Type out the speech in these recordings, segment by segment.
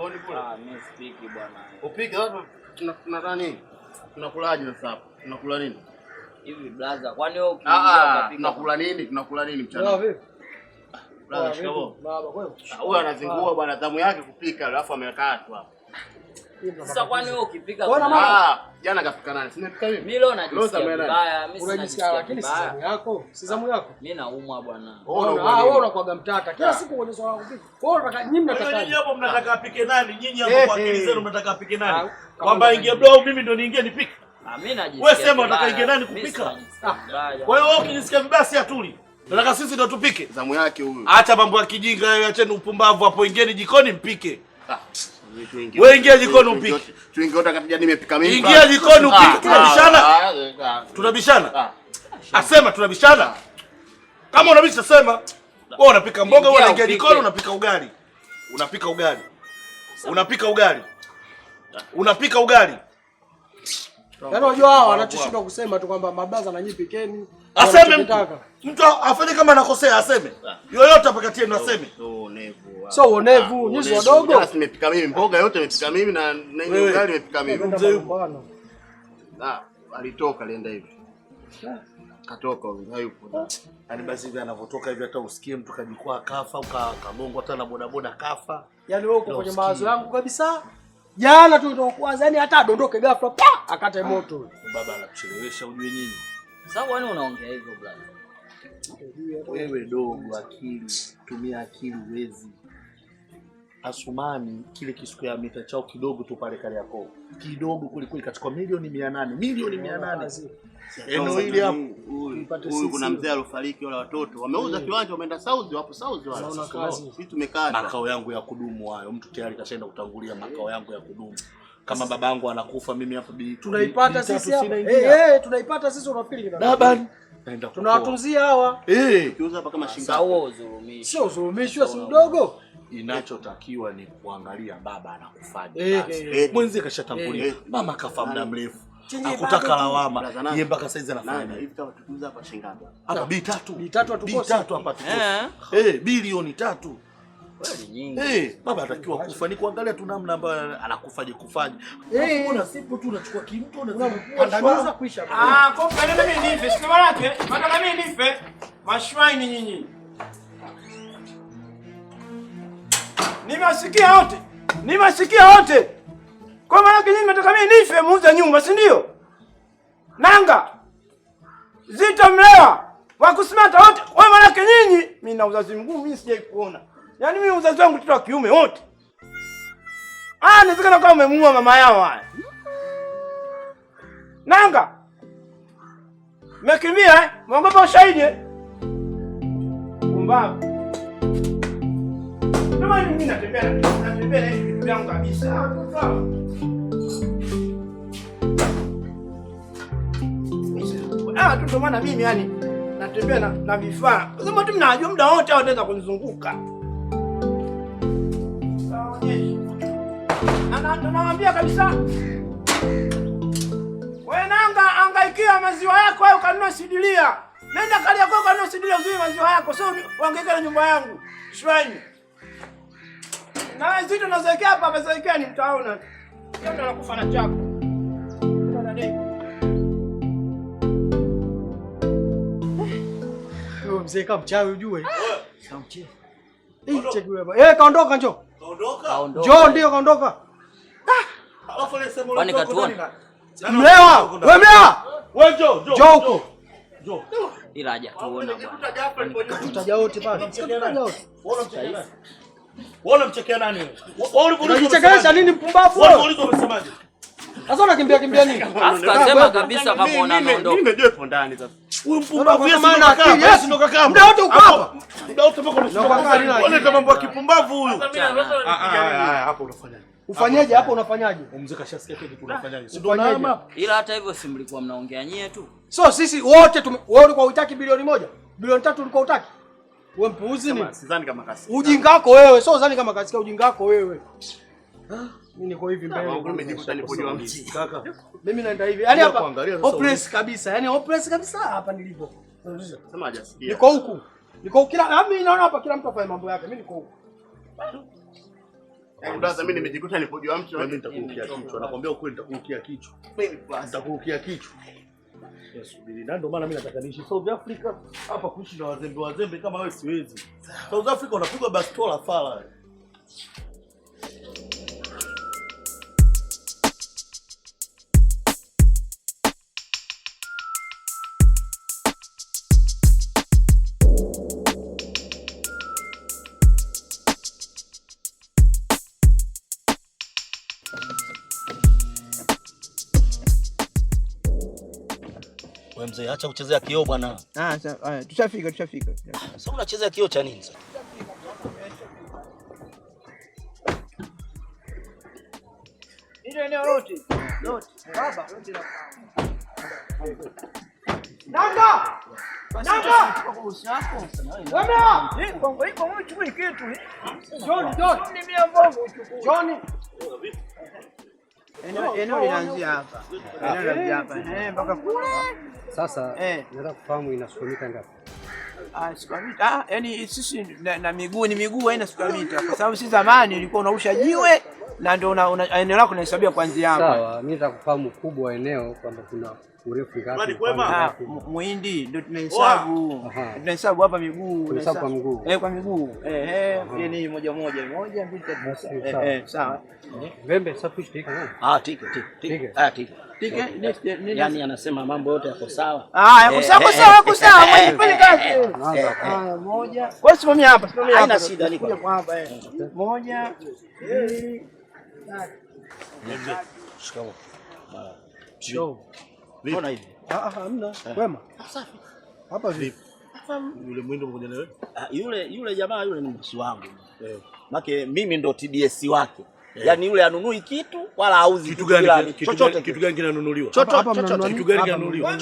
kodi kule? Ah, mimi sipiki bwana. Upike watu tunakula nini? Tunakulaje sasa hapo? Tunakula nini? Hivi blaza, kwani wewe ukiingia ah, ah, ukapika tunakula nini? Tunakula nini mchana? Vipi? Blaza, shikamoo. Baba, kwani? Ah, huyu anazingua bwana, zamu yake kupika alafu amekaa tu hapo. Sasa kwani wewe ukipiga ah, jana kafika nani? mimi. Mimi leo najisikia unajisikia lakini si zamu yako. Si zamu yako. Mimi naumwa bwana. Ah, wewe Kila ah. siku kwenye swala unataka nyinyi mnataka. Nyinyi hapo mnataka apike nani? Nyinyi hapo eh, kwa akili eh. zenu mnataka apike nani? Ah, Kwamba mimi ndo niingie nipike. Ah, mimi najisikia. Wewe sema unataka ingie nani kupika? Kwa hiyo wewe ukijisikia vibaya si atuli. Nataka sisi ndo tupike. Zamu yake Acha mambo ya kijinga, acheni upumbavu hapo, ingieni jikoni mpike. Ah. Wewe ingia jikoni upike, ah, tunabishana. Ah, ah, Asema tunabishana, kama unabisha sema. Wewe unapika mboga, wewe unaingia jikoni unapika ugali, unapika ugali, unapika ugali, unapika ugali Yaani unajua hao wanachoshinda kusema tu kwamba mablaza na nyinyi pikeni. Aseme Mtu afanye kama anakosea aseme. Ah. Yoyote apakatie na aseme. So uonevu, ni ah, si wadogo. Sasa nimepika mimi mboga yote nimepika mimi na na ile ugali nimepika mimi. Mzee yupo. Na ah, alitoka lenda hivi. Katoka hayupo. Yaani basi hivi anavotoka hivi hata usikie mtu kajikwaa kafa, ukagongwa hata na bodaboda kafa. Yaani wewe uko kwenye mawazo yangu kabisa. Jana tu ndo kwanza, yani hata adondoke ghafla pa akate moto. Baba anakuchelewesha ujue nini? Sababu yani unaongea hivyo brother. Wewe dogo, akili tumia akili, uwezi Asumani kile kisukari mita chao kidogo tu pale Kariakoo, kidogo kulikweli, kachukua milioni mia nane milioni mia nane eneo hili hapo. Huyu kuna mzee alofariki, wale watoto wameuza eh. kiwanja, wameenda Saudi, wapo Saudi wale. Sisi tumekaa makao yangu ya kudumu hayo, mtu tayari kashaenda kutangulia makao yangu ya kudumu kama babangu anakufa mimi hapa bi tunaipata sisi hapa eh eh, tunaipata sisi, unafikiri baba tunawatunzia hawa eh, kiuza hapa kama shingazo, sio sio udhulumishi, sio mdogo inachotakiwa ni kuangalia baba anakufaje. Eh, eh, mwenzie kashatangulia eh, mama kafa muda mrefu akutaka lawama yeye mpaka saizi anafanya hivi. Kama tukiuza hapa shilingi Hapa bi tatu bi tatu hatukosi hapa tukosi eh, bilioni tatu Hey, baba atakiwa kufa ni kuangalia tu namna ambayo anakufaje kufaje. Unaona sipo tu unachukua kimtu unaweza kuisha. Ah, kwa mimi nife, sio maana yake. Maana mimi nife. Mashwaini nyinyi. Nimesikia wote, nimesikia wote. Kwa maana yake nataka mimi nife muuza nyumba, si ndio? Nanga Zito Mlewa wakusimata wote. Kwa maana yake nyinyi, mimi na uzazi mguu mimi sijai kuona. Yaani mimi uzazi wangu mtoto wa kiume wote. Ah, nizikana kama umemuua mama yao haya. Nanga mekimbia, eh? Mwangopa ushahidi. kumbaba eh? Kwani mimi natembea natembea na vitu vyangu kabisa. Ah, ah tu maana mimi yani natembea na vifaa. Sema tu mnajua muda wote hao wataweza kunizunguka. Ana kabisa. Wewe nanga angaikia maziwa yako au sidilia. Nenda kalia sidilia maziwa yako. Sio wangekaa nyumba yangu. Shwani na wewe zito unazoekea hapa, amezoekea ni mtaona tu, ndio anakufa na chako Ndio eh. mzee kama mchawi ujue. Eh, Eh, kaondoka njoo. Kaondoka. Njoo ndio kaondoka. Ah! Alafu ile sema wewe katuona. Mlewa, wewe mlewa. Wewe njoo, njoo. Njoo huko. Njoo. Ila hajatuona bwana. Tutaja wote bwana. Tutaja wote. Wewe unamchekea nani wewe? Wewe nini mpumbavu wewe? Sasa unakimbia kimbia nini? kabisa kama unaona Mimi ndani sasa. Huyu mpumbavu yeye yeye kaka. Muda wote uko hapa. Muda wote Wewe mambo ya kipumbavu huyu. Ah ah, ah, ah hapo unafanya. Ufanyaje hapo unafanyaje? Mzee kashasikia unafanyaje? Ila hata hivyo si mlikuwa mnaongea nyie tu. So sisi wote wewe ulikuwa utaki bilioni moja? Bilioni tatu ulikuwa utaki? Wewe mpuuzi ni? Sidhani kama kasika. Ujinga wako wewe, sio sidhani kama kasika ujinga wako wewe. Ah, mimi niko hivi mbele. Umejikuta nilipojua mimi. Kaka. Mimi naenda hivi. Yaani hapa hopeless kabisa. Yaani hopeless kabisa hapa nilipo. Sema hajasikia. Niko huku. Niko kila yaani mimi naona hapa kila mtu afanye mambo yake. Mimi niko huku. Ndaza eh, mimi nimejikuta nilipojua mtu. Mimi nitakurukia kichwa. Nakwambia ukweli nitakurukia kichwa. Nitakurukia kichwa. Subiri na ndio maana mimi nataka niishi South Africa, hapa kuishi na wazembe wazembe kama wewe siwezi. South Africa unapigwa bastola fala. mzee, acha kuchezea kioo bwana. Ah, ah tushafika, tushafika. Sasa unachezea kioo cha nini Nanga! Nanga! Kongo kitu. Eneo linaanzia hapa. Eneo linaanzia hapa. Eh, mpaka kule. Sasa eh, nataka kufahamu ina square meter ngapi? Ah, square meter ah, yani sisi na, na miguu ni miguu haina square meter, kwa sababu si zamani ulikuwa unausha jiwe na ndio una, una, eneo lako unahesabia kuanzia hapa. Sawa, mimi nataka kufahamu kubwa eneo kwamba kuna urefu ngapi? Ah, muhindi ndio tunahesabu, tunahesabu hapa miguu, tunahesabu kwa miguu eh, kwa miguu eh, eh, ni moja moja moja mbili tatu. Eh, eh, Sawa, vembe sasa tushike. Ah, tiki tiki tiki, ah tiki Yaani anasema mambo yote yako sawa. Ah, yako eh, sawa, eh, sawa, yako eh, sawa. Mwenye fanya kazi. Haya, moja. Kwa simamia hapa, simamia hapa. Haina shida niko Kwa hapa eh. Moja, mbili, tatu. Shikamoo. Shikamoo. Mbona hivi? Ah, ah, hamna. Wema. Ah, safi. Hapa vipi? Yule mwindo mmoja na wewe? Ah, yule yule jamaa yule ni mbosi wangu. Eh. Maana mimi ndo TBS wake. Yeah. Yaani yule anunui kitu wala auzi kitu gani chochote. Kitu gani kinanunuliwa? hapa, chochote. Kitu gani kinanunuliwa?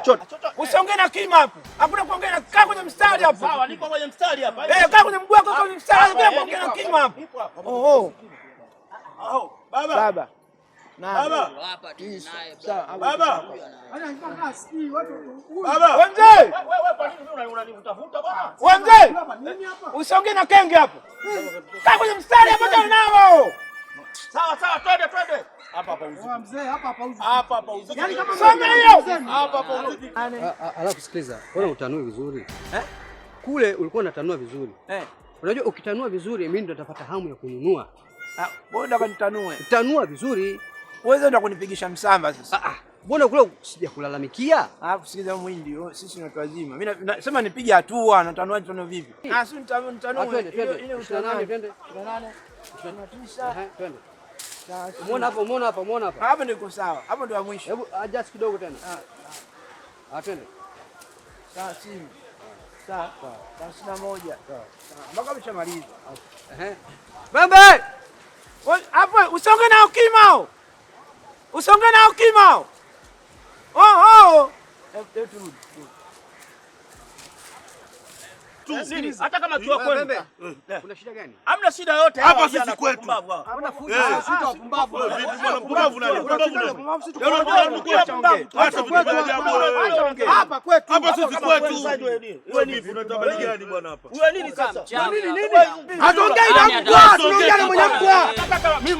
Chochote. Usiongee na kima hapo. Hakuna kuongea na kaa kwenye mstari hapo. Sawa, niko kwenye mstari hapa. Eh, kaa kwenye mguu wako kwenye mstari, hapo, bila kuongea na kima hapo. Oh oh. Baba. Baba. Baba. Baba. Wenzee. Wenzee. Usiongee na kenge hapo. Kaa kwenye mstari hapo nao. Sawa sawa, twende twende. Hapa hapa uzi. Mzee, hapa hapa uzi. Hapa hapa uzi. Yaani kama sema hiyo. Hapa hapa uzi. Alafu sikiliza, wewe utanui vizuri. Eh? Kule ulikuwa unatanua vizuri. Eh. Unajua ukitanua vizuri mimi ndo natapata hamu ya kununua. Ah, bora kanitanue. Tanua vizuri. Wewe ndo kunipigisha msamba sasa. Ah, ah, mbona kule sijakulalamikia? Ah, kusikiza mwindi, sisi ni watu wazima. Mimi nasema nipige hatua, natanua tano vipi? Ah, si nitanua. Ah, twende, twende. 28, 29. Twende. Muona hapo, muona hapo, muona hapo. Hapo ndio sawa. Hapo ndio mwisho. Hebu adjust kidogo tena. Ah. Ah, ah twende. Sawa, simu. Sawa. Sawa, sina moja. Sawa. Ah, mpaka umeshamaliza. Eh. Bembe! Hapo usonge na kimao. Usonge na kimao. Oh oh. Turudi tu. Hata kama tu eh, kwenu. Eh. Kuna shida gani? Hamna shida yote. Hapa sisi kwetu. Hamna fuja, eh. sisi wapumbavu. Wapumbavu nani? Wapumbavu sisi kwetu. Hata kwetu jambo. Hapa kwetu. Hapa sisi kwetu. Wewe ni vipi unatabali gani bwana hapa? Wewe nini sasa? Nini nini? Hatuongei na mkwa, tunaongea na mwenye mkwa. Mimi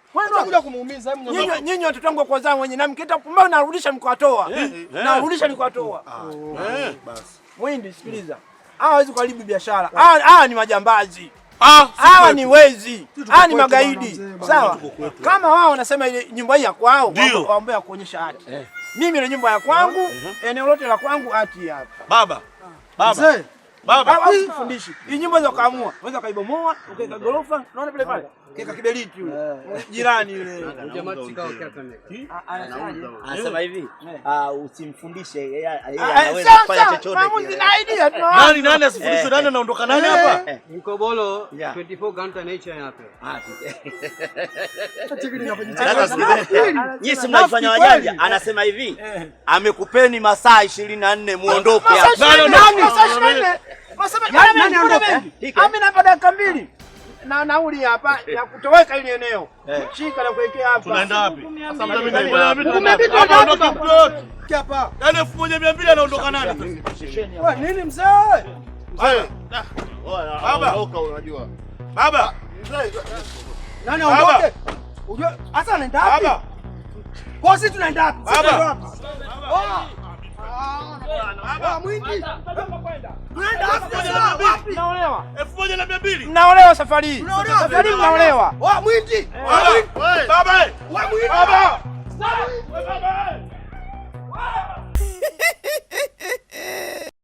Unakuja kumuumiza nyinyi watoto wangu kwa zangu wenyewe na mkiita pumba narudisha mkwatoa. Eh, eh. Narudisha nikwatoa. Ah, ah, basi. Eh. Mwindi sikiliza. Hawa ah, hawezi kuharibu biashara. Hawa ni majambazi. Hawa ni wezi. Hawa ni magaidi. Sawa? Kama wao wanasema ile nyumba hii ya kwao waombe kuonyesha haki. Mimi na nyumba ya kwangu, uh-huh. Uh-huh. eneo lote la kwangu haki hapa. Baba. Baba. Baba, usifundishi. Hii nyumba za kuamua, unaweza kaibomoa, ukaika gorofa, unaona pale pale. Keka kiberiti yule. Eh. Jirani yule. Ah, ah, Anasema hivi, eh. ah, usimfundishe anaweza eh, kufanya chochote. Nani nani asifundishwe nani anaondoka nani hapa? Mkobolo 24 Ganta Nature hapa. Nyinyi mnafanya wajanja. Anasema hivi, amekupeni masaa 24 muondoke hapa. Nani? Masaa 24. Masaa 24. Amenapa dakika mbili na nauli hapa ya kutoweka ile eneo eh. shika na kuwekea hapa. Tunaenda wapi? Yaani elfu moja mia mbili anaondoka nani? Nini mzee? Haya baba, oka Unajua baba, nani aondoke? Unajua hasa anaenda wapi? Kwa sisi tunaenda wapi? baba? Oh elfu moja na mia mbili mnaolewa safari hii, safari hii mnaolewa.